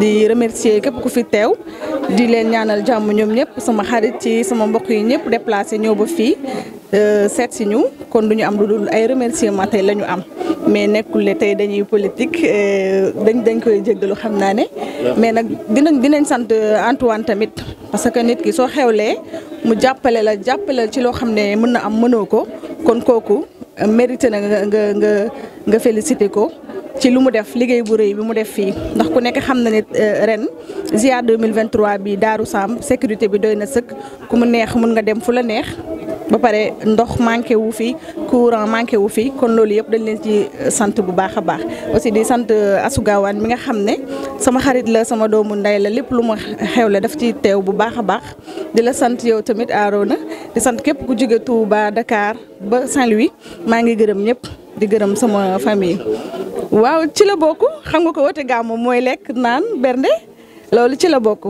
di remercier képp ku fi teew di leen ñaanal jàmm ñoom ñëpp sama xarit ci sama mbokk yi ñëpp déplacé ñëw ba fii euh, seet si ñu kon du ñu am lu dul ay remerciement tey la ñu am mais nekkul ne tey dañuy politique euh, dañ dañ koy jéggalu xam naa ne. mais nag dinañ dinañ sant Antoine tamit parce que nit ki soo xewlee mu jàppale la jàppale ci loo xam ne mën na am mënoo ko kon kooku mérité na nga nga nga félicité ko. ci lu mu def liggéey bu rëy bi mu def fii ndax ku nekk xam na ne euh, ren ziar 2023 bi Daaru Sam sécurité bi doy na sëkk ku mu neex mun nga dem fu la neex ba pare ndox manqué wu fi courant manqué wu fi kon loolu yëpp dañ leen ci euh, sant bu baax a baax aussi di sant euh, Asou mi nga xam ne sama xarit la sama doomu ndey la lépp lu ma xew la daf ci teew bu baax a baax di la sant yow tamit Arona di sant képp ku jóge Touba dakaar ba Saint-Louis maa ngi gërëm ñëpp di gërëm sama famille waaw ci la bokk xam nga ko woote gàmmu mooy lekk naan bernde loolu ci la bokk